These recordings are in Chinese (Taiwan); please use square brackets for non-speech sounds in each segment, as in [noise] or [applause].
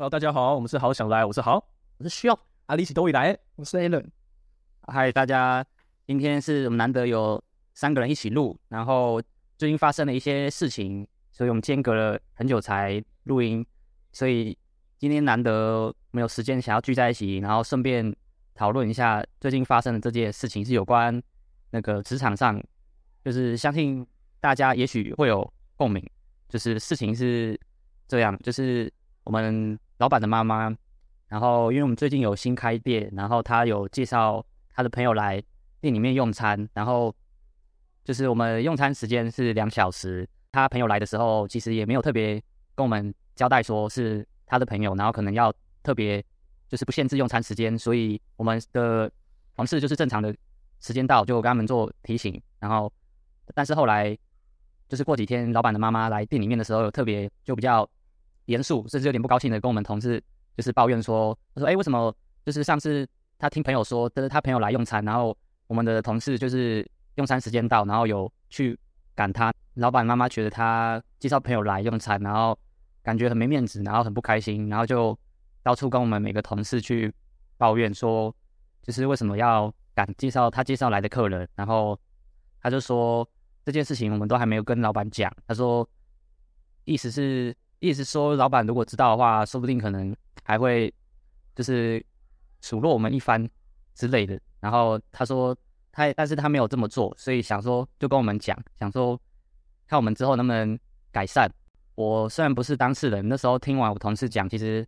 hello 大家好，我們是豪想來，我是豪，我是肖，啊，一起都未來，我是 Allen。嗨，大家，今天是我們難得有三個人一起錄，然後最近發生了一些事情，所以我們間隔了很久才錄音，所以今天難得沒有時間想要聚在一起，然後順便討論一下最近發生的這件事情，是有關那個職場上，就是相信大家也許會有共鳴，就是事情是這樣，就是我們，老闆的媽媽，然後因為我們最近有新開店，然後他有介紹他的朋友來店裡面用餐，然後就是我們用餐時間是兩小時。他朋友來的時候，其實也沒有特別跟我們交代說是他的朋友，然後可能要特別就是不限制用餐時間，所以我們的同事就是正常的，時間到就我跟他們做提醒。然後，但是後來就是過幾天，老闆的媽媽來店裡面的時候，有特別就比較。嚴肅，甚至有點不高興的跟我們同事就是抱怨說：“他說，哎、欸，為什麼就是上次他聽朋友說，就是他朋友來用餐，然後，我們的同事就是用餐時間到，然後有去趕他。老闆媽媽覺得他介紹朋友來用餐，然後感覺很沒面子，然後很不開心，然後就到處跟我們每個同事去抱怨說，就是為什麼要趕介紹他介紹來的客人？然後他就說這件事情我們都還沒有跟老闆講，他說意思是。”意思說，老闆如果知道的話，說不定可能還會就是數落我們一番之類的。然後他說他，他但是他沒有這麼做，所以想說就跟我們講，想說看我們之後能不能改善。我雖然不是當事人，那時候聽完我同事講，其實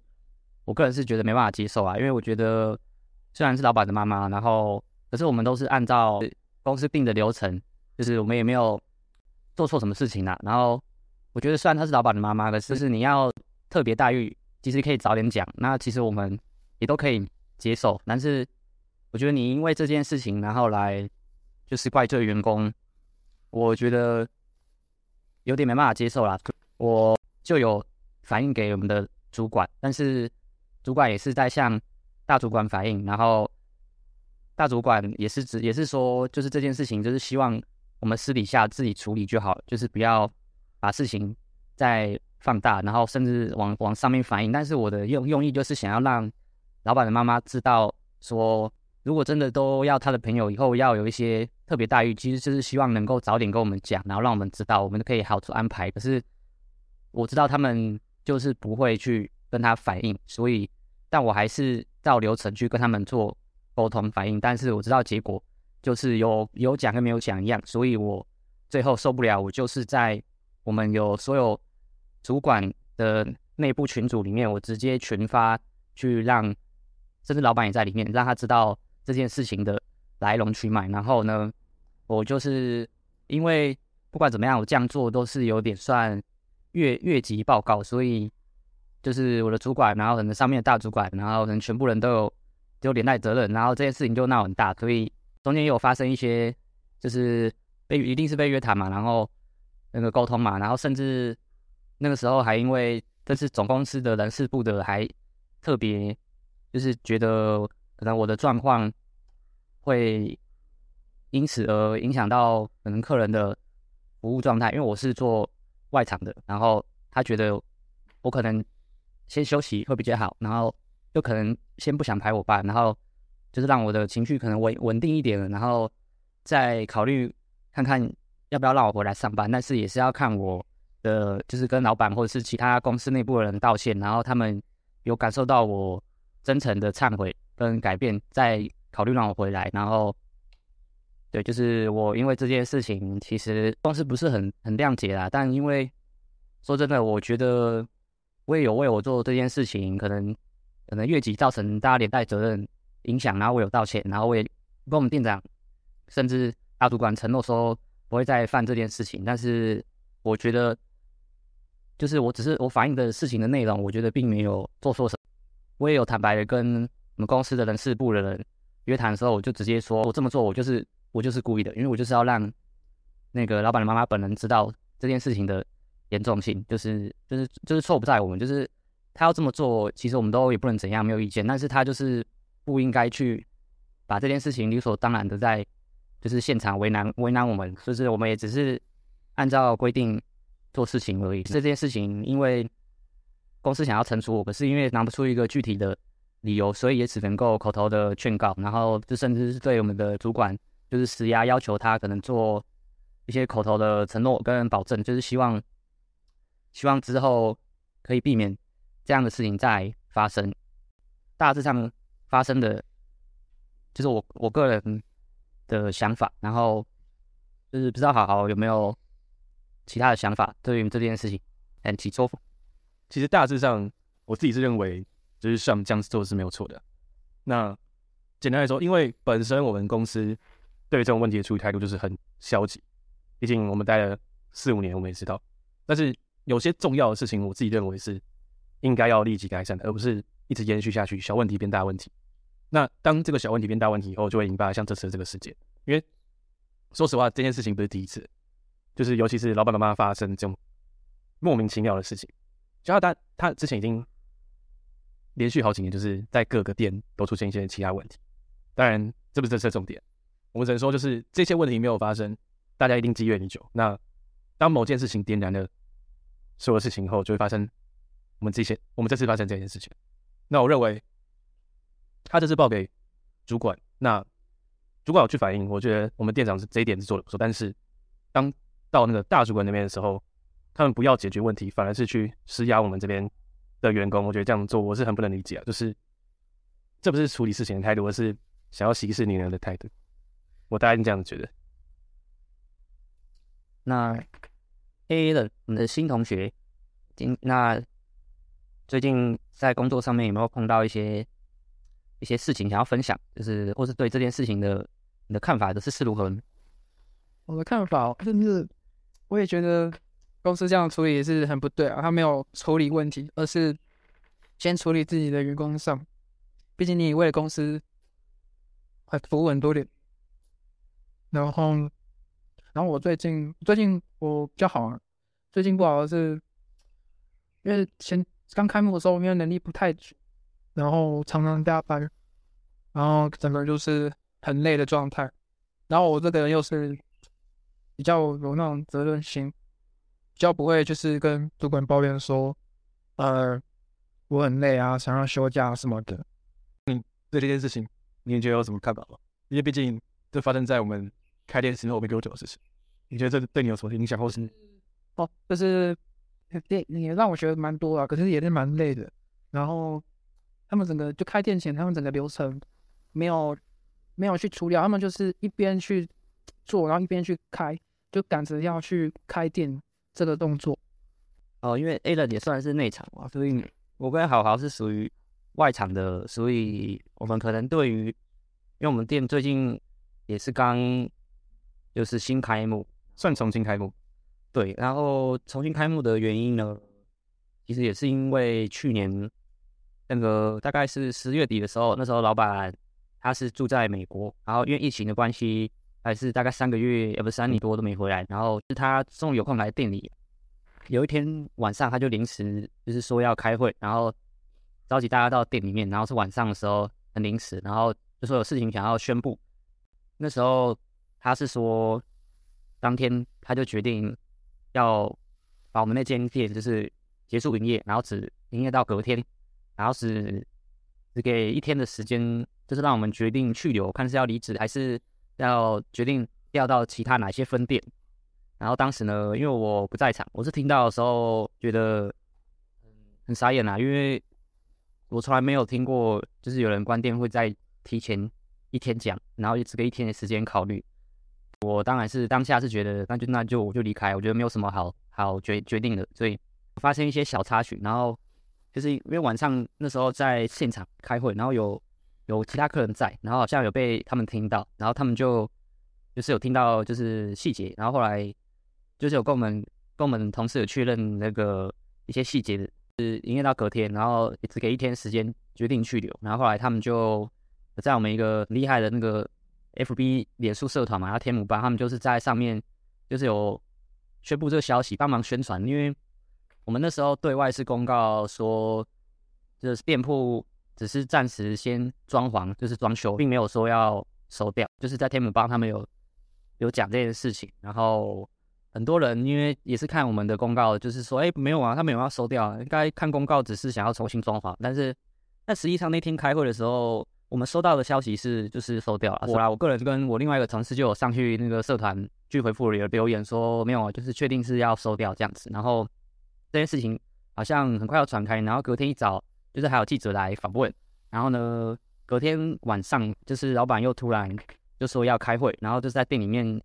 我個人是覺得沒辦法接受啊，因為我覺得雖然是老闆的媽媽，然後可是我們都是按照公司定的流程，就是我們也沒有做錯什麼事情啦，啊，然後。我覺得雖然她是老闆的媽媽，的，就是你要特別待遇，其實可以早點講。那其實我們也都可以接受。但是我覺得你因為這件事情，然後來就是怪罪員工，我覺得有點沒辦法接受啦。我就有反映給我們的主管，但是主管也是在向大主管反映，然後大主管也是指也是說，就是這件事情就是希望我們私底下自己處理就好，就是不要。把事情再放大，然後甚至往往上面反映。但是我的用用意就是想要讓老闆的媽媽知道說，說如果真的都要他的朋友以後要有一些特別待遇，其實就是希望能夠早點跟我們講，然後讓我們知道，我們可以好做安排。可是我知道他們就是不會去跟他反映，所以但我還是照流程去跟他們做溝通反映。但是我知道結果就是有有講跟沒有講一樣，所以我最後受不了，我就是在。我們有所有主管的內部群組裡面，我直接群發去讓，甚至老闆也在裡面，讓他知道這件事情的來龍去脈。然後呢，我就是因為不管怎麼樣，我這樣做都是有點算越越級報告，所以就是我的主管，然後可能上面的大主管，然後可能全部人都有有連帶責任。然後這件事情就鬧很大，所以中間也有發生一些，就是被一定是被約談嘛，然後。那個溝通嘛，然後甚至那個時候還因為這是總公司的人事部的，還特別就是覺得可能我的狀況會因此而影響到可能客人的服務狀態，因為我是做外場的，然後他覺得我可能先休息會比較好，然後就可能先不想排我班，然後就是讓我的情緒可能穩穩定一點了，然後再考慮看看。要不要讓我回來上班？但是也是要看我的，就是跟老闆或者是其他公司內部的人道歉，然後他們有感受到我真誠的懺悔跟改變，再考慮讓我回來。然後，對，就是我因為這件事情，其實公司不是很很諒解啦。但因為說真的，我覺得我也有為我做這件事情，可能可能越級造成大家連帶責任影響，然後我有道歉，然後我也跟我們店長甚至大主管承諾說。不會再犯這件事情，但是我覺得，就是我只是我反映的事情的內容，我覺得並沒有做錯什麼。我也有坦白的跟我們公司的人事部的人約談的時候，我就直接說我這麼做，我就是我就是故意的，因為我就是要讓那個老闆的媽媽本人知道這件事情的嚴重性，就是就是就是錯不在我們，就是他要這麼做，其實我們都也不能怎樣，沒有意見，但是他就是不應該去把這件事情理所當然的在。就是現場為難為難我們，所以我們也只是按照規定做事情而已。這件事情因為公司想要懲處我，可是因為拿不出一個具體的理由，所以也只能夠口頭的勸告，然後就甚至是對我們的主管就是施壓，要求他可能做一些口頭的承諾跟保證，就是希望希望之後可以避免這樣的事情再發生。大致上發生的，就是我我個人的想法，然後就是不知道好好有沒有其他的想法，對於這件事情來提出。其實大致上，我自己是認為，就是像這樣子做是沒有錯的。那簡單來說，因為本身我們公司對於這種問題的處理態度就是很消極，畢竟我們待了四五年，我們也知道。但是有些重要的事情，我自己認為是應該要立即改善的，而不是一直延續下去，小問題變大問題。那當這個小問題變大問題以後，就會引發像這次的這個事件。因為說實話，這件事情不是第一次，就是尤其是老板媽媽發生這種莫名其妙的事情，就像他他之前已經連續好幾年，就是在各個店都出現一些其他問題。當然，這不是這次的重點，我們只能說就是這些問題沒有發生，大家一定積怨已久。那當某件事情點燃了所有事情後，就會發生我們這些我們這次發生這件事情。那我認為。他這是報給主管，那主管有去反映，我覺得我們店長是這一點是做的不錯。但是當到那個大主管那邊的時候，他們不要解決問題，反而是去施壓我們這邊的員工。我覺得這樣做我是很不能理解啊，就是這不是處理事情的態度，而是想要息事寧人的態度。我大概是這樣子覺得。那 A A 的，你的新同學，今那最近在工作上面有沒有碰到一些？一些事情想要分享，就是或是對這件事情的你的看法的是是如何？我的看法就是，我也覺得公司這樣處理也是很不對啊。他沒有處理問題，而是先處理自己的員工上。畢竟你為了公司還服務很多點。然後，然後我最近最近我比較好啊，最近不好的是因為前剛開幕的時候，沒有能力不太然後常常加班，然後整個人就是很累的狀態。然後我這個人又是比較有那種責任心，比較不會就是跟主管抱怨說，呃，我很累啊，想要休假什麼的。你對這件事情，你覺得有什麼看法嗎？因為畢竟這發生在我們開店時候，我沒給我講的事情，你覺得這對你有什麼影響，或是……哦，就是對，也讓我覺得蠻多啊，可是也是蠻累的。然後。他們整個就開店前，他們整個流程沒有沒有去除掉，他們就是一邊去做，然後一邊去開，就趕着要去開店這個動作。哦，因為 Alan 也算是內場嘛，所以我跟豪豪是屬於外場的，所以我們可能對於，因為我們店最近也是剛就是新開幕，算重新開幕。對，然後重新開幕的原因呢，其實也是因為去年。那個大概是十月底的時候，那時候老闆他是住在美國，然後因為疫情的關係，還是大概三個月，也不是三年多都沒回來。然後他中午有空來店裡，有一天晚上他就臨時就是說要開會，然後召集大家到店裡面。然後是晚上的時候，很臨時，然後就說有事情想要宣布。那時候他是說，當天他就決定要把我們那間店就是結束營業，然後只營業到隔天。然後是只給一天的時間，就是讓我們決定去留，看是要離職還是要決定調到其他哪些分店。然後當時呢，因為我不在場，我是聽到的時候覺得很傻眼啦，啊，因為我從來沒有聽過，就是有人關店會在提前一天講，然後只給一天的時間考慮。我當然是當下是覺得那就那就我就離開，我覺得沒有什麼好好決決定的。所以發生一些小插曲，然後。就是因為晚上那時候在現場開會，然後有有其他客人在，然後好像有被他們聽到，然後他們就就是有聽到就是細節，然後後來就是有跟我們跟我們同事有確認那個一些細節的，就是營業到隔天，然後也只給一天時間決定去留，然後後來他們就在我們一個很厲害的那個 F B 臉書社團嘛，然後天母幫他們就是在上面就是有宣布這個消息，幫忙宣傳，因為。我們那時候對外是公告說，就是店鋪只是暫時先裝潢，就是裝修，並沒有說要收掉。就是在天門幫他們有有講這件事情，然後很多人因為也是看我們的公告，就是說，哎，沒有啊，他們沒有要收掉啊，應該看公告只是想要重新裝潢。但是那實際上那天開會的時候，我們收到的消息是就是收掉了。我啊，我個人跟我另外一個同事就有上去那個社團去回復的留言說，沒有啊，就是確定是要收掉這樣子，然後。這件事情好像很快要傳開，然後隔天一早就是還有記者來訪問，然後呢，隔天晚上就是老闆又突然就說要開會，然後就是在店裡面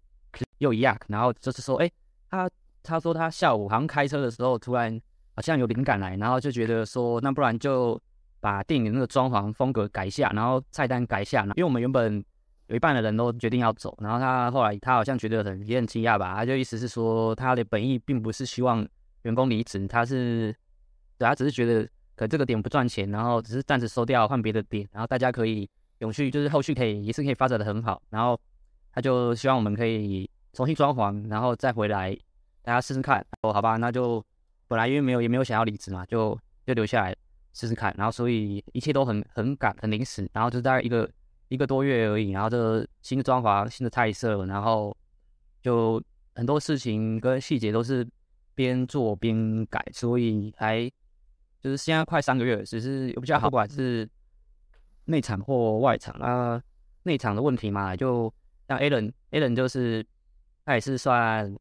又一樣，然後就是說，哎，他他說他下午好像開車的時候突然好像有靈感來，然後就覺得說，那不然就把店裡那個裝潢風格改一下，然後菜單改一下，因為我們原本有一半的人都決定要走，然後他後來他好像覺得很，也很驚訝吧，他就意思是說他的本意並不是希望。員工離職，他是，對他只是覺得，可這個點不賺錢，然後只是暫時收掉，換別的點，然後大家可以永續，就是後續可以也是可以發展的很好，然後他就希望我們可以重新裝潢，然後再回來，大家試試看。哦，好吧，那就本來因為沒有也沒有想要離職嘛，就就留下來試試看，然後所以一切都很很趕很臨時，然後就是大概一個一個多月而已，然後就新的裝潢新的菜色，然後就很多事情跟細節都是。邊做邊改，所以還就是現在快三個月，只是有比較好，不管是內場或外場啊，內場的問題嘛，就像 a l l n a l n 就是他也是算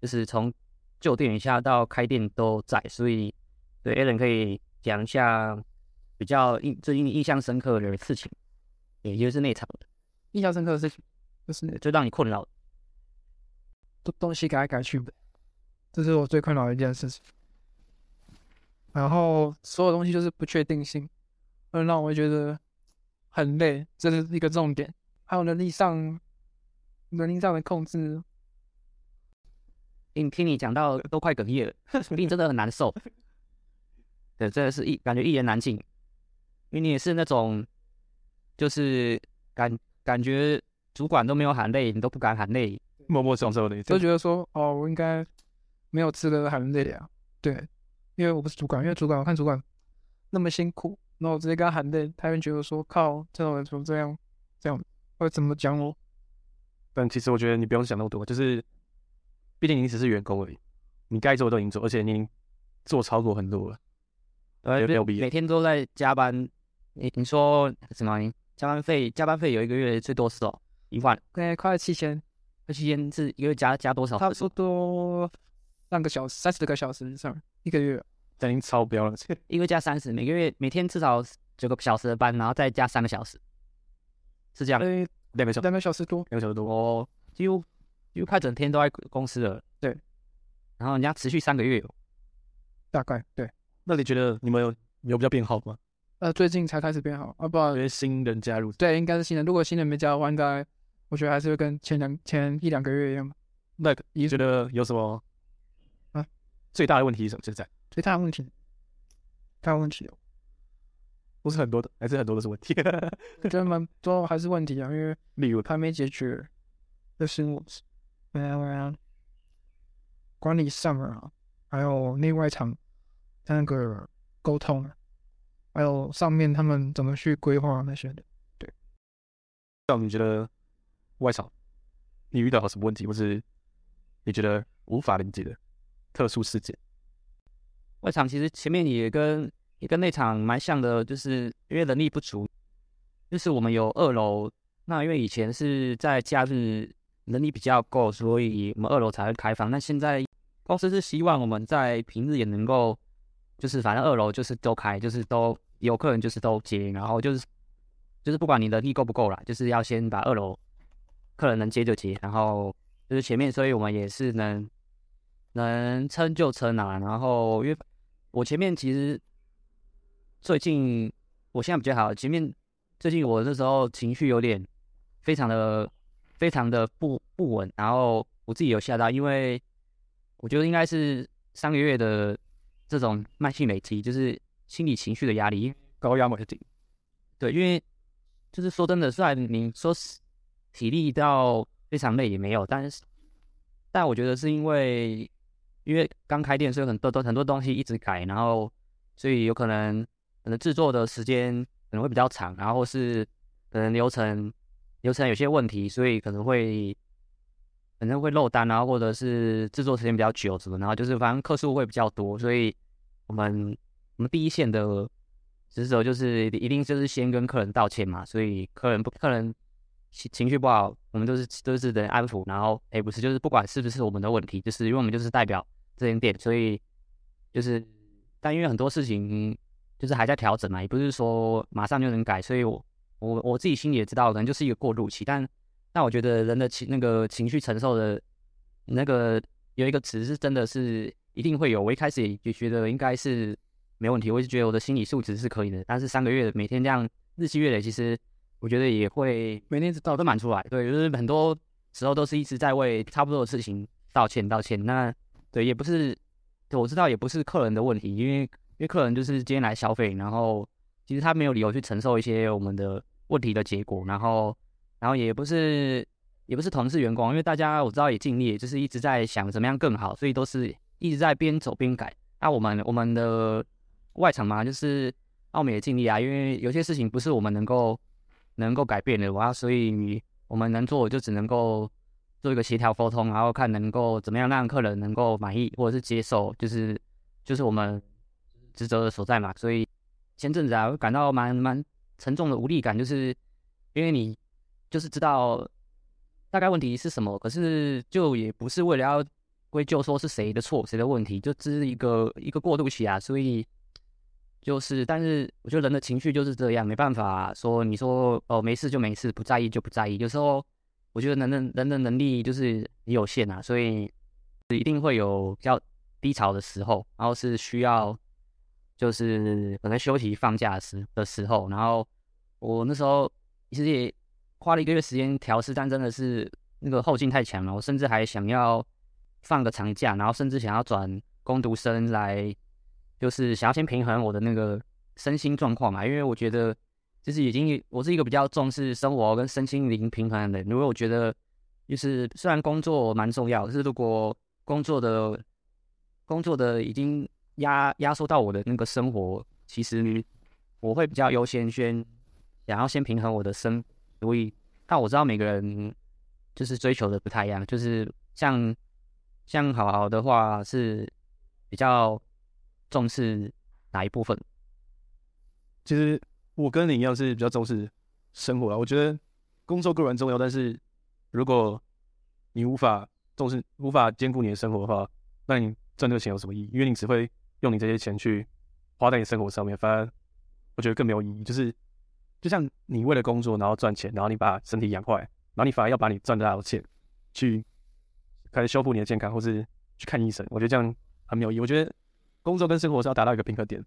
就是從舊店一下到開店都在，所以對 a l a n 可以講一下比較印最近印象深刻的事情，也就是內場的印象深刻的事情就的，就是最讓你困擾的東東西改來改去。這是我最困擾的一件事情，然後所有東西就是不確定性，會讓我覺得很累，這是一個重點。還有能力上，能力上的控制。你聽你講到都快哽咽了，你 [laughs] 真的很難受，對，真的是一感覺一言難盡。因為你也是那種，就是感感覺主管都沒有喊累，你都不敢喊累，默默承受那些。就覺得說，哦，我應該。沒有資格喊累的呀！對，因為我不是主管，因為主管我看主管那麼辛苦，那我直接跟他喊累，他會覺得說靠，這種人怎麼這樣？這樣，我怎麼講哦？但其實我覺得你不用想那麼多，就是，畢竟你只是員工而已，你該做的都已經做，而且你已經做超過很多了，也牛逼，每天都在加班。你你說什麼？加班費？加班費有一個月最多是哦 okay, 快 7000, 7000是一萬，對，快七千，七千是一個月加加多少、哦？差不多。半個小時、三十個小時以上，一個月等、哦、於超標了。一個加三十，每個月每天至少九個小時的班，然後再加三個小時，是這樣的。對，沒錯，三個小時多，三個小時多哦，幾乎幾乎快整天都在公司了。對，然後人家持續三個月、哦，大概對。那你覺得你們有有比較變好嗎？呃，最近才開始變好啊，不然因新人加入，對，應該是新人。如果新人沒加入，我應該，我，應該我覺得還是會跟前兩前一兩個月一樣。那你、就是、覺得有什麼？最大的問題是什麼？現在最大的問題，大問題，不是很多的，還是很多都是問題。我覺得蠻多還是問題啊，因為例如他還沒解決，就是，對啊對啊，管理上面啊，還有內外場那個溝通啊，還有上面他們怎麼去規劃啊那些的。對，那你覺得外場你遇到了什麼問題，或是你覺得無法理解的？特殊事件，外場其實前面也跟也跟內場蠻像的，就是因為能力不足，就是我們有二樓，那因為以前是在假日能力比較夠，所以我們二樓才會開放。那現在公司是希望我們在平日也能夠，就是反正二樓就是都開，就是都有客人就是都接，然後就是就是不管你能力夠不夠啦，就是要先把二樓客人能接就接，然後就是前面，所以我們也是能。能撐就撐啊！然後因為，我前面其實最近我現在比較好。前面最近我那時候情緒有點非常的非常的不不穩，然後我自己有嚇到，因為我覺得應該是上個月的這種慢性累積，就是心理情緒的壓力，高壓累積，對，因為就是說真的，雖然你說是體力到非常累也沒有，但是但我覺得是因為。因為剛開店，所以很多都很，很多東西一直改，然後所以有可能可能制作的時間可能會比較長，然後是可能流程流程有些問題，所以可能會可能會漏單然後或者是制作時間比較久什麼，然後就是反正客數會比較多，所以我們我們第一線的職責就是一定就是先跟客人道歉嘛，所以客人不客人情情緒不好，我們都是都是等安撫，然後哎不是，就是不管是不是我們的問題，就是因為我們就是代表。這點點，所以就是，但因為很多事情就是還在調整嘛，也不是說馬上就能改，所以我我我自己心裡也知道，可能就是一個過渡期。但但我覺得人的情，那個情緒承受的，那個有一個詞是真的是一定會有。我一開始也覺得應該是沒問題，我就覺得我的心理素質是可以的。但是三個月每天這樣日積月累，其實我覺得也會每天到都滿出來。對，就是很多時候都是一直在為差不多的事情道歉道歉。那對，也不是，我知道也不是客人的問題，因為因為客人就是今天來消費，然後其實他沒有理由去承受一些我們的問題的結果，然後然後也不是也不是同事員工，因為大家我知道也盡力，就是一直在想怎麼樣更好，所以都是一直在邊走邊改。那、啊、我們我們的外場嘛，就是我們、啊、也盡力啊，因為有些事情不是我們能夠能夠改變的，啊，所以我們能做就只能夠。做一個協調溝通，然後看能夠怎麼樣讓客人能夠滿意或者是接受，就是就是我們職責的所在嘛。所以前陣子啊，我感到蠻蠻沉重的無力感，就是因為你就是知道大概問題是什麼，可是就也不是為了要歸咎說是誰的錯、誰的問題，就只是一個一個過渡期啊。所以就是，但是我覺得人的情緒就是這樣，沒辦法啊，說你說，哦，沒事就沒事，不在意就不在意，有時候。我覺得人的人的能力就是也有限啊，所以一定會有比較低潮的時候，然後是需要就是本來休息放假時的時候，然後我那時候其實也花了一個月時間調試，但真的是那個後勁太強了，我甚至還想要放個長假，然後甚至想要轉工讀生來，就是想要先平衡我的那個身心狀況嘛，因為我覺得。就是已經，我是一個比較重視生活跟身心靈平衡的人，因為我覺得，就是雖然工作蠻重要，可是如果工作的工作的已經壓壓縮到我的那個生活，其實我會比較優先先想要先平衡我的生。所以，但我知道每個人就是追求的不太一樣，就是像像豪豪的話是比較重視哪一部分，就是。我跟你一樣是比較重視生活啊。我覺得工作固然重要，但是如果你無法重視、無法兼顧你的生活的話，那你賺這個錢有什麼意義？因為你只會用你這些錢去花在你生活上面，反而我覺得更沒有意義。就是就像你為了工作然後賺錢，然後你把身體養壞，然後你反而要把你賺到的錢去開始修復你的健康，或是去看醫生。我覺得這樣很沒有意義。我覺得工作跟生活是要達到一個平衡點，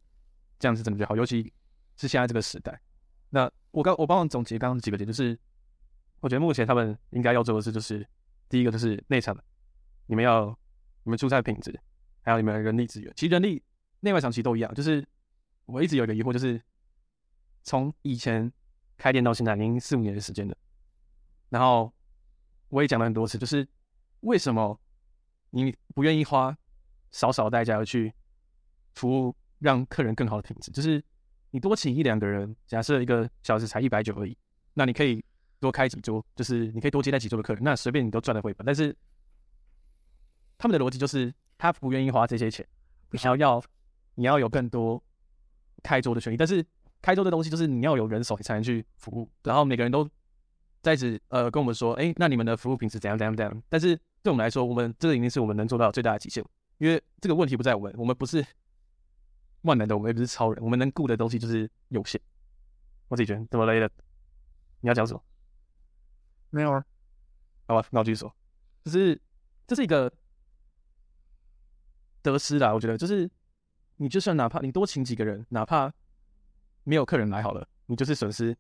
這樣是真的最好，尤其。是現在這個時代。那我剛我幫我總結剛剛幾個點，就是我覺得目前他們應該要做的事，就是第一個就是內場，你們要你們出菜的品質，還有你們的人力資源。其實人力內外場其實都一樣。就是我一直有一個疑惑，就是從以前開店到現在已經四五年的時間了，然後我也講了很多次，就是為什麼你不願意花少少的代價而去服務讓客人更好的品質，就是。你多請一兩個人，假設一個小時才一百九而已，那你可以多開幾桌，就是你可以多接待幾桌的客人，那隨便你都賺得回本。但是他們的邏輯就是他不願意花這些錢，你還要要，你要有更多開桌的權利，但是開桌的東西就是你要有人手你才能去服務，然後每個人都在此呃跟我們說，哎，那你們的服務品質怎樣怎樣怎樣？但是對我們來說，我們這個已經是我們能做到最大的極限，因為這個問題不在我們，我們不是。萬能的我們也不是超人，我們能顧的東西就是有限。我自己覺得怎麼來的？你要講什麼？沒有啊，好吧，那我繼續說。就是這、就是一個得失啦，我覺得就是你就算哪怕你多請幾個人，哪怕沒有客人來好了，你就是損失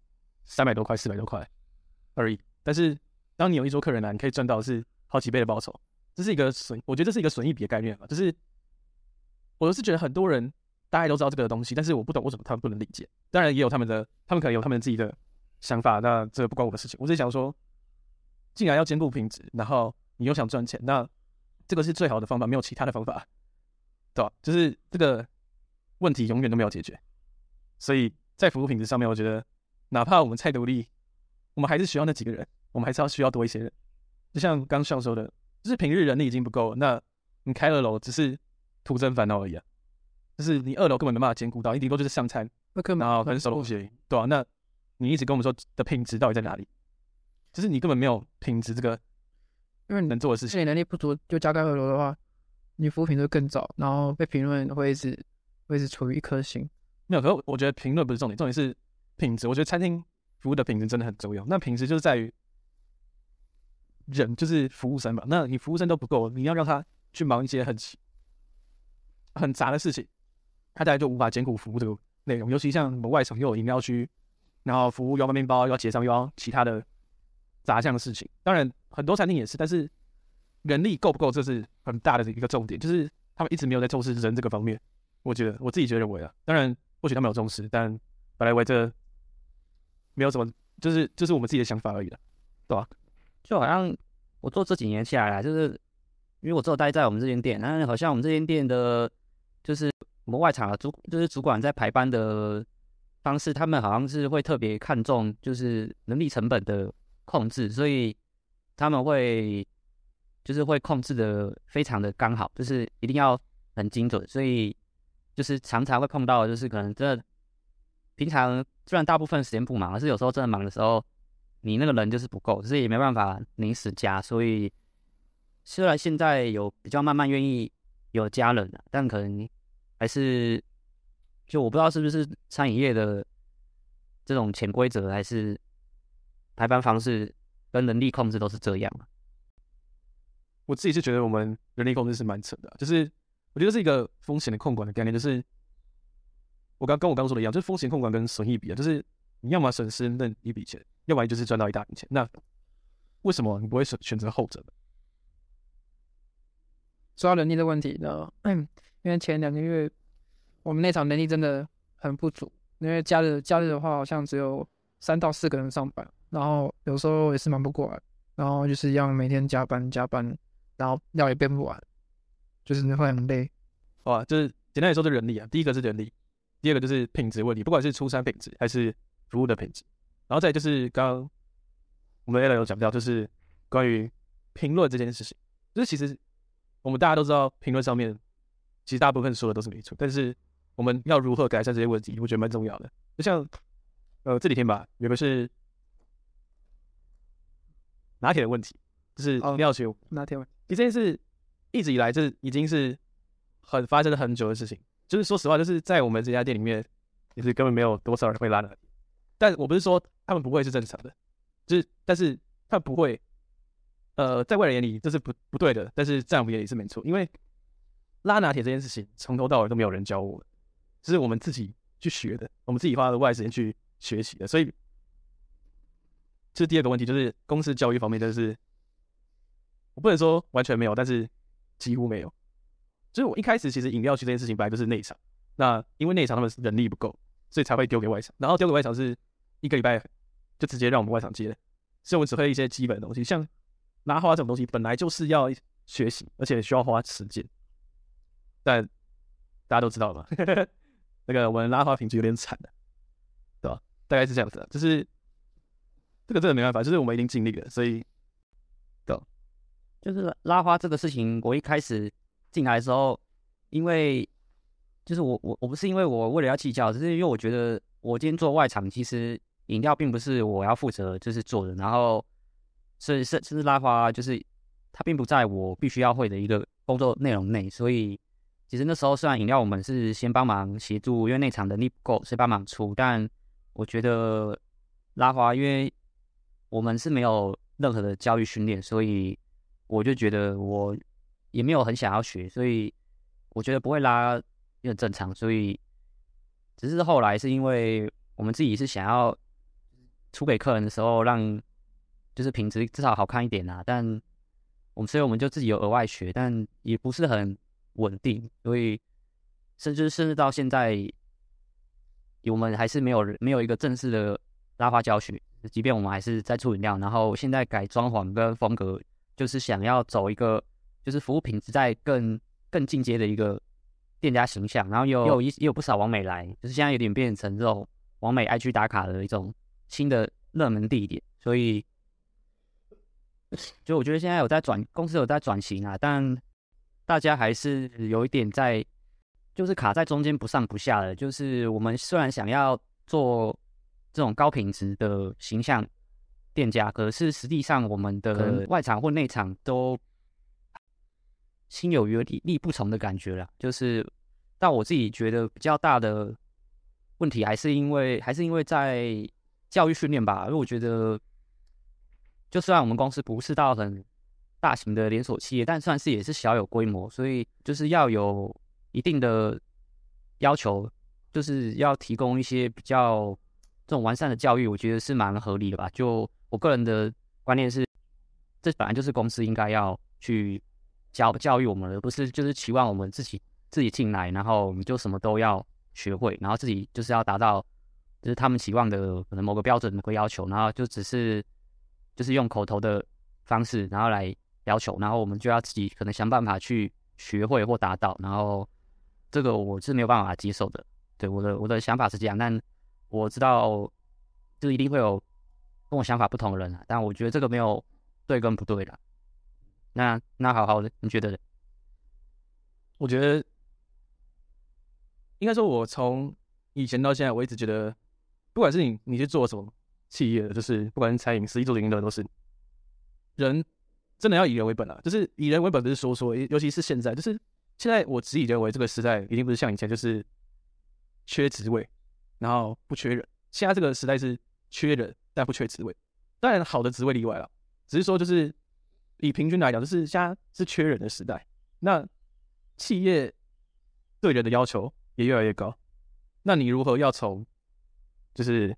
三百多塊、四百多塊而已。但是當你有一桌客人來、啊，你可以賺到是好幾倍的報酬。這是一個損，我覺得這是一個損益比的概念吧。就是我都是覺得很多人。大家都知道這個東西，但是我不懂為什麼他們不能理解。當然也有他們的，他們可能有他們自己的想法。那這不關我的事情。我只是想說，既然要兼顧品質，然後你又想賺錢，那這個是最好的方法，沒有其他的方法，對吧、啊？就是這個問題永遠都沒有解決。所以在服務品質上面，我覺得哪怕我們再努力，我們還是需要那幾個人，我們還是要需要多一些人。就像剛剛說的，就是平日人力已經不夠，那你開了樓，只是徒增煩惱而已啊。就是你二樓根本沒辦法兼顧到，你頂多就是上餐，那根本好，還是收東西，對啊，那，你一直跟我們說的品質到底在哪裡？就是你根本沒有品質這個，因為你能做的事情，你,你能力不足，就加蓋二樓的話，你服務質會更早，然後被評論會一直會一直處於一顆星。沒有，可是我覺得評論不是重點，重點是品質。我覺得餐廳服務的品質真的很重要。那品質就是在於人，就是服務生吧？那你服務生都不夠，你要讓他去忙一些很很雜的事情。他大概就無法兼顧服務這個內容，尤其像我們外層又有飲料區，然後服務要賣麵包，又要結賬，又要其他的雜項的事情。當然很多餐廳也是，但是人力夠不夠，這是很大的一個重點，就是他們一直沒有在重視人這個方面。我覺得我自己覺得認為啊，當然或許他們有重視，但本來我這沒有什麼，就是就是我們自己的想法而已了，對吧、啊？就好像我做這幾年下來，就是因為我只有待在我們這間店，但是好像我們這間店的，就是。我們外場啊，主就是主管在排班的方式，他們好像是會特別看重就是人力成本的控制，所以他們會就是會控制的非常的剛好，就是一定要很精準，所以就是常常會碰到，就是可能真的平常雖然大部分時間不忙，可是有時候真的忙的時候，你那個人就是不夠，所以也沒辦法臨時加，所以雖然現在有比較慢慢願意有加人了，但可能。還是就我不知道是不是餐飲業的這種潛規則，還是排班方式跟能力控制都是這樣啊？我自己是覺得我們人力控制是蠻扯的啊，就是我覺得是一個風險的控管的概念，就是我剛跟我剛剛說的一樣，就是風險控管跟損益比啊，就是你要麼損失那一筆錢，要不然就是賺到一大筆錢，那為什麼你不會選選擇後者？說到能力的問題呢。 [laughs] 因為前兩個月，我們內場能力真的很不足。因為假日假日的話，好像只有三到四個人上班，然後有時候也是忙不過來的，然後就是要每天加班加班，然後料也編不完，就是會很累。哇，就是簡單來說就是人力啊。第一個是人力，第二個就是品質問題，不管是出餐品質還是服務的品質。然後再就是剛剛我們 Allen 有講到，就是關於評論這件事情，就是其實我們大家都知道，評論上面。其實大部分說的都是沒錯，但是我們要如何改善這些問題，我覺得蠻重要的。就像呃這幾天吧，有個是拿鐵的問題，就是要去，哦，拿鐵玩。其實這件事一直以來這已經是很發生了很久的事情。就是說實話，就是在我們這家店裡面，也是根本沒有多少人會拉的。但我不是說他們不會是正常的，就是但是他們不會。呃，在外人眼裡這是不不對的，但是在我們眼裡是沒錯，因為。拉拿鐵這件事情，從頭到尾都沒有人教我們，就是我們自己去學的，我們自己花了外時間去學習的。所以這、就是第二個問題，就是公司教育方面就是，我不能說完全沒有，但是幾乎沒有。所以我一開始其實飲料區這件事情本來就是內場，那因為內場他們人力不夠，所以才會丟給外場，然後丟給外場是一個禮拜就直接讓我們外場接，所以我們只會一些基本的東西，像拉花這種東西，本來就是要學習，而且需要花時間。但大家都知道嘛， [laughs] 那個我們拉花品質有點慘的，對吧？大概是這樣子的，就是這個真的沒辦法，就是我們已經盡力了，所以對，就是拉花這個事情，我一開始進來的時候，因為就是我我我不是因為我為了要計較，只是因為我覺得我今天做外場，其實飲料並不是我要負責就是做的，然後所以甚甚至拉花就是它並不在我必須要會的一個工作內容內，所以。其實那時候雖然飲料我們是先幫忙協助，因為那場能力不夠，所以幫忙出。但我覺得拉花，因為我們是沒有任何的教育訓練，所以我就覺得我也沒有很想要學，所以我覺得不會拉也很正常。所以只是後來是因為我們自己是想要出給客人的時候，讓就是品質至少好看一點啦，啊，但我們所以我們就自己有額外學，但也不是很。穩定，所以甚至甚至到現在，我們還是沒有沒有一個正式的拉花教學。即便我們還是在出飲料，然後現在改裝潢跟風格，就是想要走一個就是服務品質在更更進階的一個店家形象。然後又又一也有不少網美來，就是現在有點變成這種網美愛去打卡的一種新的熱門地點。所以就我覺得現在有在轉公司有在轉型啊，但。大家還是有一點在，就是卡在中間不上不下的。就是我們雖然想要做這種高品質的形象店家，可是實際上我們的外場或內場都心有餘而力力不從的感覺了。就是，但我自己覺得比較大的問題還是因為還是因為在教育訓練吧。因為我覺得，就雖然我們公司不是到很。大型的連鎖企業，但算是也是小有規模，所以就是要有一定的要求，就是要提供一些比較這種完善的教育，我覺得是蠻合理的吧。就我個人的觀念是，這本來就是公司應該要去教教育我們的，而不是就是期望我們自己自己進來，然後我們就什麼都要學會，然後自己就是要達到就是他們期望的可能某個標準、某個要求，然後就只是就是用口頭的方式，然後來。要求，然後我們就要自己可能想辦法去學會或達到，然後這個我是沒有辦法接受的。對，我的我的想法是這樣，但我知道就一定會有跟我想法不同的人啊。但我覺得這個沒有對跟不對的。那那好好的，你覺得？我覺得應該說，我從以前到現在，我一直覺得，不管是你你去做什麼企業，就是不管是餐飲、實際做零售的都是人。真的要以人為本啊，就是以人為本不是說說，尤其是現在，就是現在我自己認為這個時代已經不是像以前就是缺職位，然後不缺人，現在這個時代是缺人但不缺職位，當然好的職位例外了，只是說就是以平均來講，就是現在是缺人的時代，那企業對人的要求也越來越高，那你如何要從就是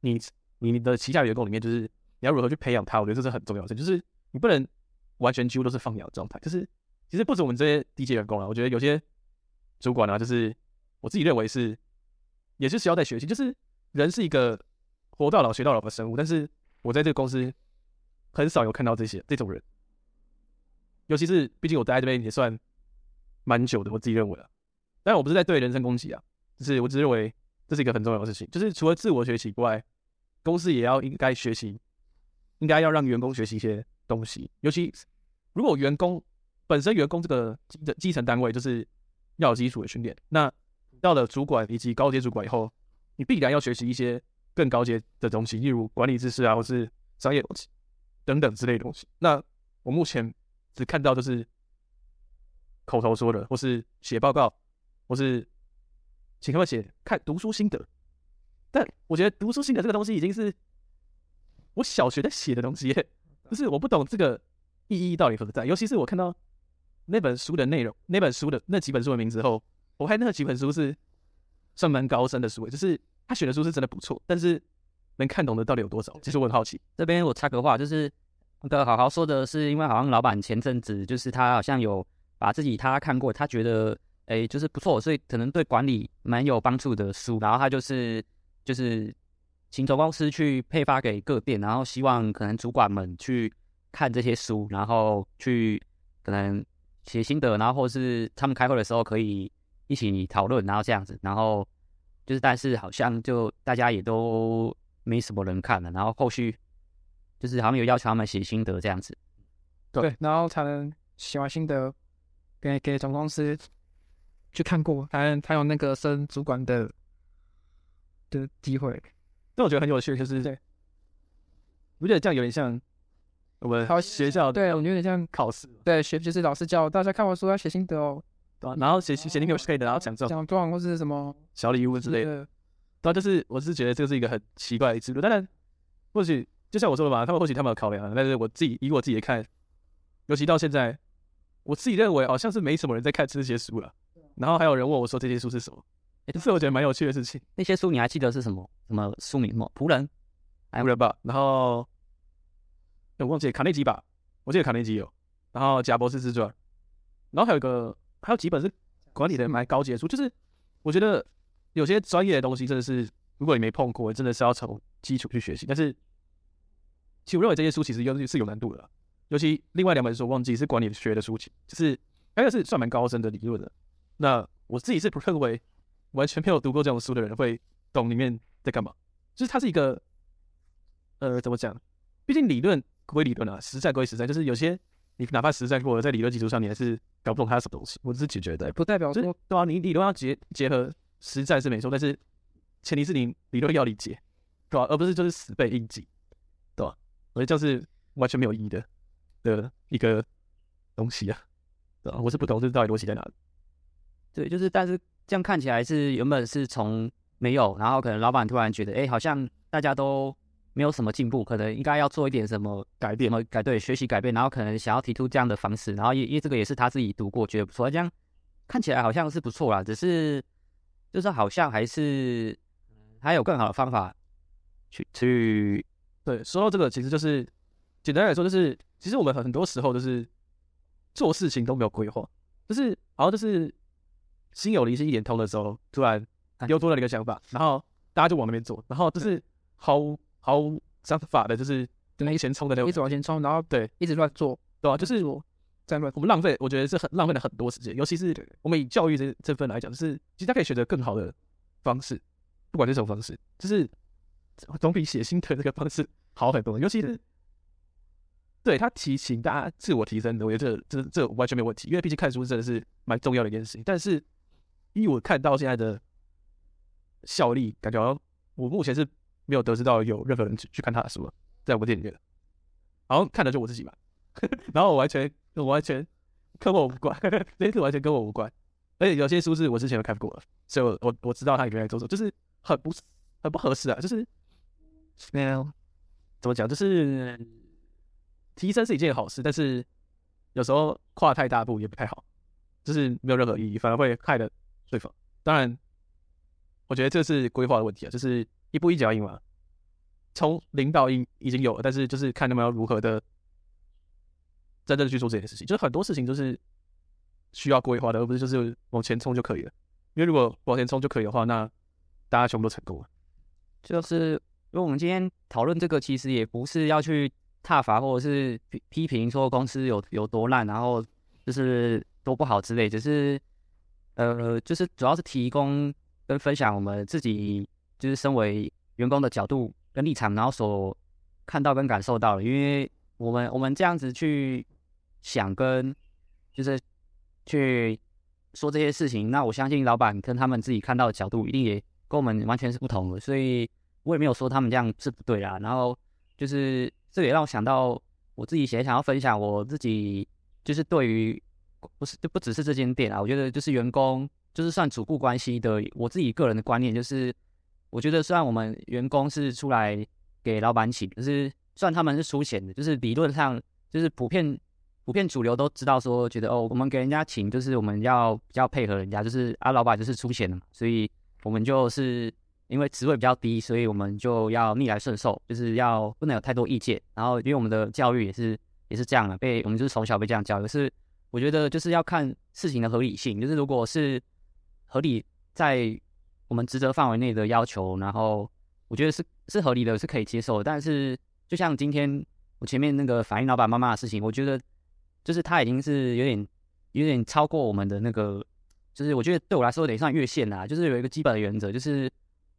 你你的旗下員工裡面，就是你要如何去培養他，我覺得這是很重要的事，就是。你不能完全幾乎都是放養的狀態，就是其實不止我們這些低階員工啊，我覺得有些主管啊，就是我自己認為是，也就是需要在學習。就是人是一個活到老學到老的生物，但是我在這個公司很少有看到這些這種人，尤其是畢竟我待在這邊也算蠻久的，我自己認為啊，當然我不是在對人身攻擊啊，就是我只是認為這是一個很重要的事情，就是除了自我學習以外，公司也要應該學習，應該要讓員工學習一些。東西，尤其如果員工本身，員工這個基層基層單位就是要有基礎的訓練，那到了主管以及高階主管以後，你必然要學習一些更高階的東西，例如管理知識啊，或是商業東西等等之類的東西。那我目前只看到就是口頭說的，或是寫報告，或是請他們寫看讀書心得，但我覺得讀書心得這個東西已經是我小學在寫的東西。不、就是，我不懂這個意義到底何在。尤其是我看到那本書的內容，那本書的那幾本書的名字後，我看那幾本書是算蠻高深的書，就是他選的書是真的不錯，但是能看懂的到底有多少，其實我很好奇。這邊我插個話，就是那個好好說的是，因為好像老板前陣子就是他好像有把自己他看過，他覺得哎、欸、就是不錯，所以可能對管理蠻有幫助的書，然後他就是就是。行總公司去配發給各店，然後希望可能主管們去看這些書，然後去可能寫心得，然後或是他們開會的時候可以一起討論，然後這樣子。然後就是，但是好像就大家也都沒什麼人看了。然後後續就是他們有要求他們寫心得這樣子。對，對然後才能寫完心得給給總公司去看過，還還有那個升主管的的機會。但我覺得很有趣，就是，對，我覺得這樣有點像我們學校，對我覺得有點像考試，對，學，就是老師教大家看完書要寫心得哦，對啊，然後寫寫心得是可以的，然後獎狀獎狀或是什麼小禮物之類的。當然，啊，就是我是覺得這是一個很奇怪的制度，但是或許就像我說的嘛，他們或許他們有考量，但是我自己以我自己的看，尤其到現在，我自己認為好像是沒什麼人在看這些書了。然後還有人問我說，這些書是什麼。也是我覺得蠻有趣的事情。那些書你還記得是什麼？什麼書名嗎？《僕人》啊，《i m 僕 u 吧。然後、嗯、我忘記卡內基吧，我記得卡內基有。然後《賈伯斯自傳》，然後還有一個，還有幾本是管理的蠻高級的書。就是我覺得有些專業的東西真的是，如果你沒碰過，真的是要從基礎去學習。但是其實我認為這些書其實是有是有難度的、啊。尤其另外兩本書我忘記是管理學的書籍，就是那個是算蠻高深的理論的。那我自己是不認為。完全沒有讀過這種書的人會懂裡面在幹嘛，就是它是一個，呃，怎麼講？畢竟理論歸理論啊，實戰歸實戰，就是有些你哪怕實戰過了，在理論基礎上你還是搞不懂它是什麼東西。我只是解決的，不代表說，對啊，你理論要結結合實戰，是沒錯，但是前提是你理論要理解，對吧、啊？而不是就是死背硬記，對吧、啊？而這樣是完全沒有意義的的一個東西啊，對吧、啊？我是不懂，這到底邏輯在哪？對，就是，但是。這樣看起來是原本是從沒有，然後可能老板突然覺得，哎，好像大家都沒有什麼進步，可能應該要做一點什麼改變，改，對，學習改變，然後可能想要提出這樣的方式，然後也因因為這個也是他自己讀過，覺得不錯，這樣看起來好像是不錯啦，只是就是好像還是還有更好的方法去去對說到這個，其實就是簡單來說，就是其實我們很多時候就是做事情都沒有規劃，就是然後就是。心有靈犀一點通的時候，突然又多了一個想法，然後大家就往那邊走，然後就是毫無、嗯、毫無章法的，就是一直一前衝的那種，一直往前衝，然後對，一直亂做，對啊，就是我，在亂。我們浪費，我覺得是很浪費了很多時間，尤其是我們以教育這這份來講，就是其實他可以選擇更好的方式，不管是什麼方式，就是總比寫心得這個方式好很多。尤其是對他提醒大家自我提升的，我覺得這個、這個、這個、完全沒問題，因為畢竟看書真的是蠻重要的一件事情，但是。因為我看到現在的效力，感覺好像我目前是沒有得知到有任何人去去看他的書了，在我們店裡面，然後好像看的就我自己吧 [laughs] 然後我完全我完全跟我無關，這 [laughs] 是完全跟我無關。而且有些書是我之前有看過了，所以我我知道他原來做什麼，就是很不很不合適啊，就是 smell 怎麼講，就是提升是一件好事，但是有時候跨太大步也不太好，就是沒有任何意義，反而會害的。對方當然，我覺得這是規劃的問題啊，就是一步一腳印嘛，從零到一已經有了，但是就是看他們要如何的真正的去做這件事情。就是很多事情都是需要規劃的，而不是就是往前衝就可以了。因為如果往前衝就可以的話，那大家全部都成功了。就是因為我們今天討論這個，其實也不是要去撻伐或者是批評說公司有有多爛，然後就是多不好之類，只是。呃，就是主要是提供跟分享我們自己，就是身為員工的角度跟立場，然後所看到跟感受到的，因為我們我們這樣子去想跟就是去說這些事情，那我相信老闆跟他們自己看到的角度一定也跟我們完全是不同的，所以我也沒有說他們這樣是不對啦、啊。然後就是這也讓我想到我自己也想要分享我自己，就是對於。不是就不只是這間店啊！我覺得就是員工就是算主顧關係的。我自己個人的觀念就是，我覺得雖然我們員工是出來給老闆請，可是算他們是出錢的，就是理論上就是普遍普遍主流都知道說，覺得哦，我們給人家請，就是我們要比較配合人家，就是啊，老闆就是出錢的嘛，所以我們就是因為職位比較低，所以我們就要逆來順受，就是要不能有太多意見。然後因為我們的教育也是也是這樣的，被我們就是從小被這樣教育是。我覺得就是要看事情的合理性，就是如果是合理在我們職責範圍內的要求，然後我覺得是是合理的，是可以接受的。但是就像今天我前面那個反應老板媽媽的事情，我覺得就是他已經是有點有點超過我們的那個，就是我覺得對我來說得算越線啦、啊。就是有一個基本的原則，就是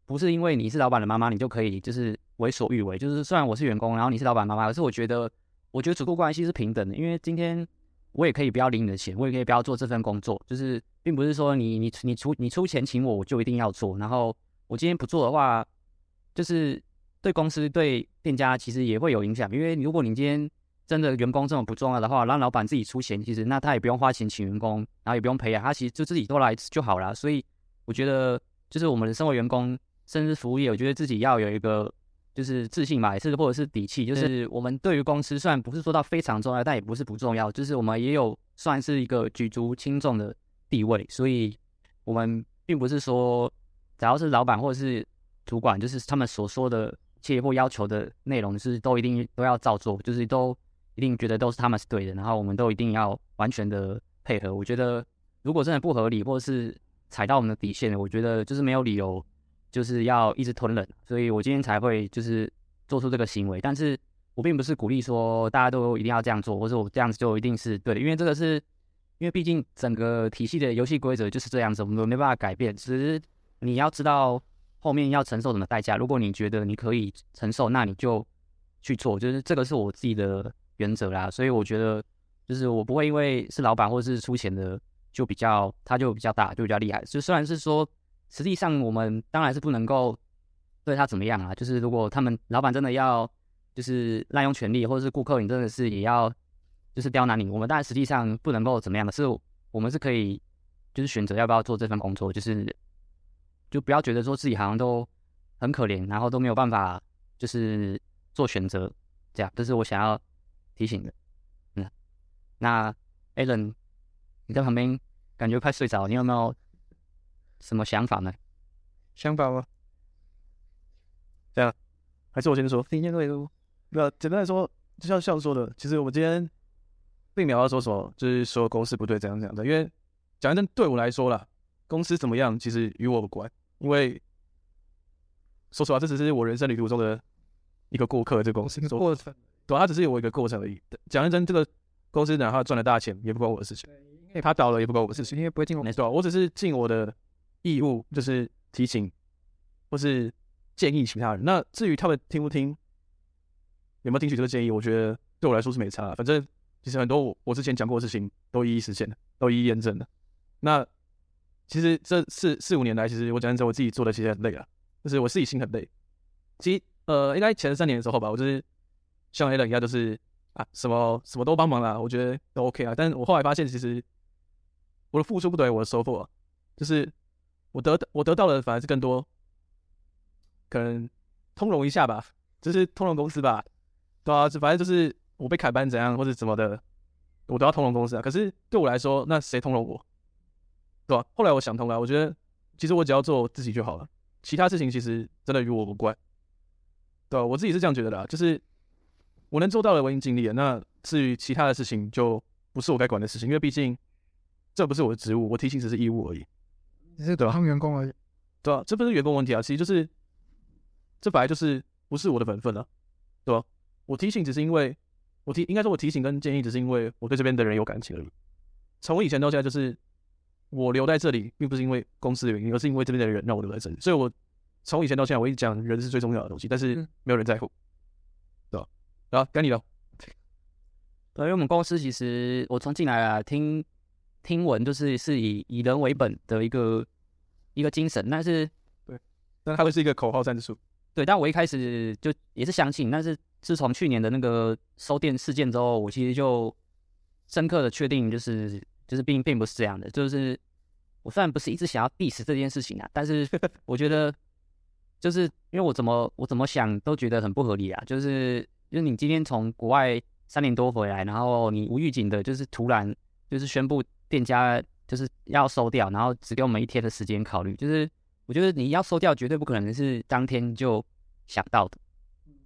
不是因為你是老板的媽媽，你就可以就是為所欲為。就是雖然我是員工，然後你是老板媽媽，可是我覺得我覺得主顧關係是平等的，因為今天。我也可以不要領你的錢，我也可以不要做這份工作，就是並不是說你你你出你出錢請我，我就一定要做。然後我今天不做的話，就是對公司對店家其實也會有影響，因為如果你今天真的員工這麼不重要的話，讓老板自己出錢，其實那他也不用花錢請員工，然後也不用培養、啊，他其實就自己都來就好了。所以我覺得，就是我們的身為員工，甚至服務業，我覺得自己要有一個。就是自信吧，也是或者是底氣，就是我們對於公司雖然不是說到非常重要，但也不是不重要，就是我們也有算是一個舉足輕重的地位，所以我們並不是說只要是老闆或者是主管，就是他們所說的切或要求的內容是都一定都要照做，就是都一定覺得都是他們是對的，然後我們都一定要完全的配合。我覺得如果真的不合理或者是踩到我們的底線，我覺得就是沒有理由，就是要一直吞忍，所以我今天才會就是做出這個行為。但是我並不是鼓勵說大家都一定要這樣做，或者我這樣子就一定是對的，因為這個是，因為畢竟整個體系的遊戲規則就是這樣子，我們都沒辦法改變。只是你要知道後面要承受什麼代價。如果你覺得你可以承受，那你就去做。就是這個是我自己的原則啦。所以我覺得就是我不會因為是老闆或者是出錢的就比較，他就比較大，就比較厲害。就雖然是說。實際上，我們當然是不能夠對他怎麼樣啊。就是如果他們老闆真的要，就是濫用權力，或者是顧客你真的是也要，就是刁難你。我們當然實際上不能夠怎麼樣，可是我們是可以，就是選擇要不要做這份工作。就是就不要覺得說自己好像都很可憐，然後都沒有辦法，就是做選擇這樣。這是我想要提醒的。嗯，那 Allen 你在旁邊感覺快睡着，你有沒有？什麼想法呢？想法嗎？這樣，還是我先說。今天對我。什麼？那簡單來說，就像校說的，其實我們今天並沒有要說什麼，就是說公司不對怎樣怎樣的。因為講真，對我來說啦，公司怎麼樣其實與我無關。因為說實話，這只是我人生旅途中的一個過客，這個、公司。個過程說對、啊，它只是有一個過程而已。講真，這個公司哪怕賺了大錢，也不關我的事情。因為它倒了也不關我的事情，因為不會進我沒錯、啊。我只是進我的。義務就是提醒或是建議其他人。那至於他們聽不聽，有沒有聽取這個建議，我覺得對我來說是沒差、啊。反正其實很多我我之前講過的事情，都一一實現的，都一一驗證了。那其實這四四五年來，其實我講這些，我自己做的其實很累了、啊，就是我自己心很累。其實呃，應該前三年的時候吧，我就是像 Allen 一樣，就是啊，什麼什麼都幫忙了、啊，我覺得都 OK 啊。但是我後來發現，其實我的付出不等於我的收穫、啊，就是。我得到，我得到的反而是更多，可能通融一下吧，就是通融公司吧，對啊，這反正就是我被砍班怎樣或者怎麼的，我都要通融公司啊。可是對我來說，那誰通融我，對吧，啊？後來我想通了，我覺得其實我只要做我自己就好了，其他事情其實真的與我無關，對，啊，我自己是這樣覺得的，就是我能做到的我已經盡力了，那至於其他的事情就不是我該管的事情，因為畢竟這不是我的職務，我提醒只是義務而已。只是導航員工而已對、啊，對啊，這不是員工問題啊，其實就是，這本來就是不是我的本分了、啊，對吧、啊？我提醒只是因為，我提應該說，我提醒跟建議只是因為我對這邊的人有感情而已。從我以前到現在，就是我留在這裡，並不是因為公司的原因，而是因為這邊的人讓我留在這裡。所以我從以前到現在，我一直講人是最重要的東西，但是沒有人在乎，嗯、對吧？啊，該你了。對，因為我們公司，其實我從進來啊，聽。聽聞就是是以以人為本的一個一個精神，但是對，但它會是一個口號戰術。對，但我一開始就也是相信，但是自從去年的那個收店事件之後，我其實就深刻的確定、就是，就是就是並並不是這樣的。就是我雖然不是一直想要 diss 這件事情啊，但是我覺得就是因為我怎麼我怎麼想都覺得很不合理啊。就是因為你今天從國外三年多回來，然後你無預警的，就是突然就是宣布。店家就是要收掉，然後只給我們一天的時間考慮。就是我覺得你要收掉，絕對不可能是當天就想到的。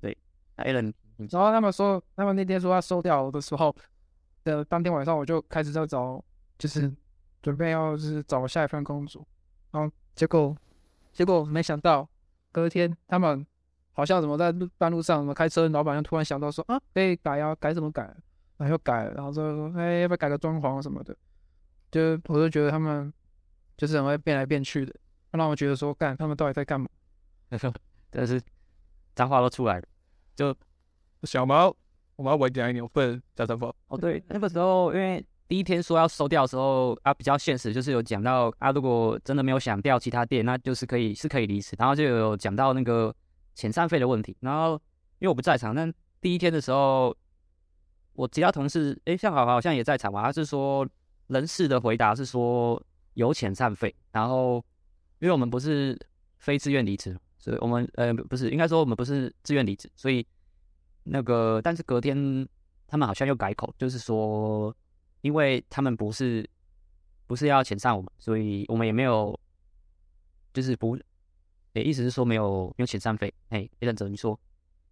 對，Allen、嗯、欸。然後他們說，他們那天說要收掉的時候的當天晚上，我就開始在找，就是準備要就是找下一份工作。然後結果，結果沒想到隔天他們好像怎麼在路半路上怎麼開車，老闆就突然想到說啊可以改啊，改怎麼改？然後又改，然後就說哎、欸、要不要改個裝潢什麼的。就我就覺得他們就是很會變來變去的，讓我覺得說，幹，他們到底在幹嘛？但 [laughs] 是髒話都出來了。就小毛，我們要餵養牛糞，加成方。哦，對，那個時候因為第一天說要收掉的時候，啊，比較現實就是有講到啊，如果真的沒有想調其他店，那就是可以是可以離職。然後就有講到那個遣散費的問題。然後因為我不在場，但第一天的時候，我其他同事誒、欸，像好好像也在場吧，他是說？人事的回答是說有遣散費，然後因為我們不是非自願離職，所以我們呃不是應該說我們不是自願離職，所以那個但是隔天他們好像又改口，就是說因為他們不是不是要遣散我們，所以我們也沒有就是不，也意思是說沒有沒有遣散費。哎，也責人你說，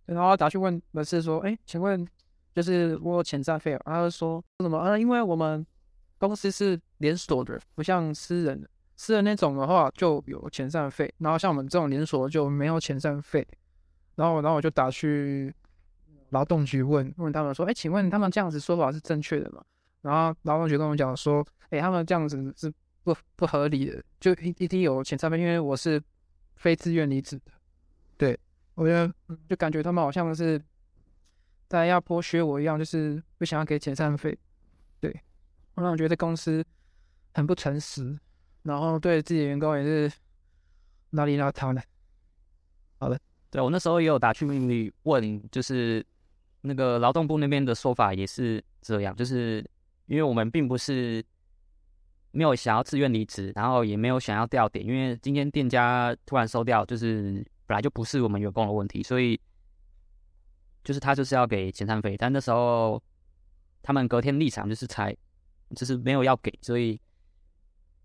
然後打去問的是說，哎，請問就是我有遣散費，然後他說為什麼啊？因為我們。公司是連鎖的，不像私人的，私人那種的話就有遣散費，然後像我們這種連鎖就沒有遣散費。然後，然後我就打去勞動局問，問他們說：“哎，請問他們這樣子說法是正確的嗎？”然後勞動局跟我講說：“哎，他們這樣子是不不合理的，就一一定有遣散費，因為我是非自願離職的。”對，我覺得就感覺他們好像是在要剝削我一樣，就是不想要給遣散費。對。我總覺得公司很不誠實，然後對自己的員工也是邋裡邋遢的。好的，對，我那時候也有打去命問，就是那個勞動部那邊的說法也是這樣，就是因為我們並不是沒有想要自願離職，然後也沒有想要調點，因為今天店家突然收掉，就是本來就不是我們員工的問題，所以就是他就是要給遣散費。但那時候他們隔天立場就是拆。就是沒有要給，所以，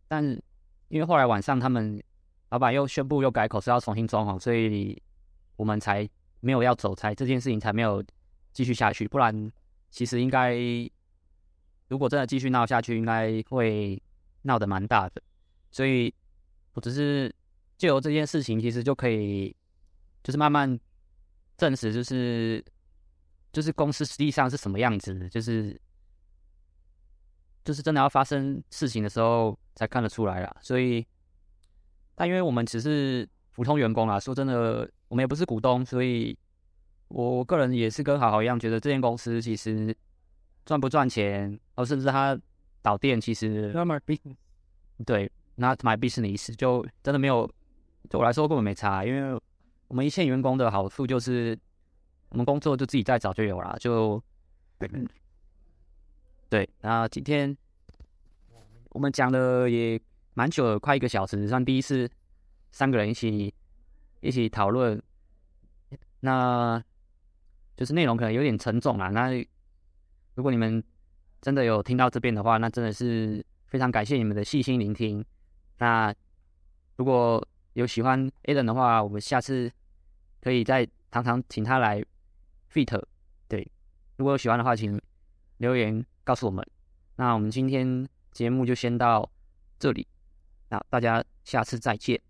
但是因為後來晚上他們老闆又宣布又改口說要重新裝潢，所以我們才沒有要走，才這件事情才沒有繼續下去。不然，其實應該如果真的繼續鬧下去，應該會鬧得蠻大的。所以，我只是借由這件事情，其實就可以就是慢慢證實，就是就是公司實際上是什麼樣子，就是。就是真的要發生事情的時候才看得出來了，所以，但因為我們只是普通員工啊，說真的，我們也不是股東，所以，我個人也是跟豪豪一樣，覺得這間公司其實賺不賺錢，哦，甚至他倒店，其實，Not my business。對，Not my business，就真的沒有，對我來說根本沒差，因為我們一線員工的好處就是，我們工作就自己再找就有了，就。Didn't. 對，那今天我們講了也蠻久了，快一個小時。算第一次三個人一起一起討論，那就是內容可能有點沉重啦，那如果你們真的有聽到這邊的話，那真的是非常感謝你們的細心聆聽。那如果有喜歡 Allen 的話，我們下次可以再常常請他來 feat，對，如果有喜歡的話，請。留言告訴我們，那我們今天節目就先到這裡，那大家下次再見。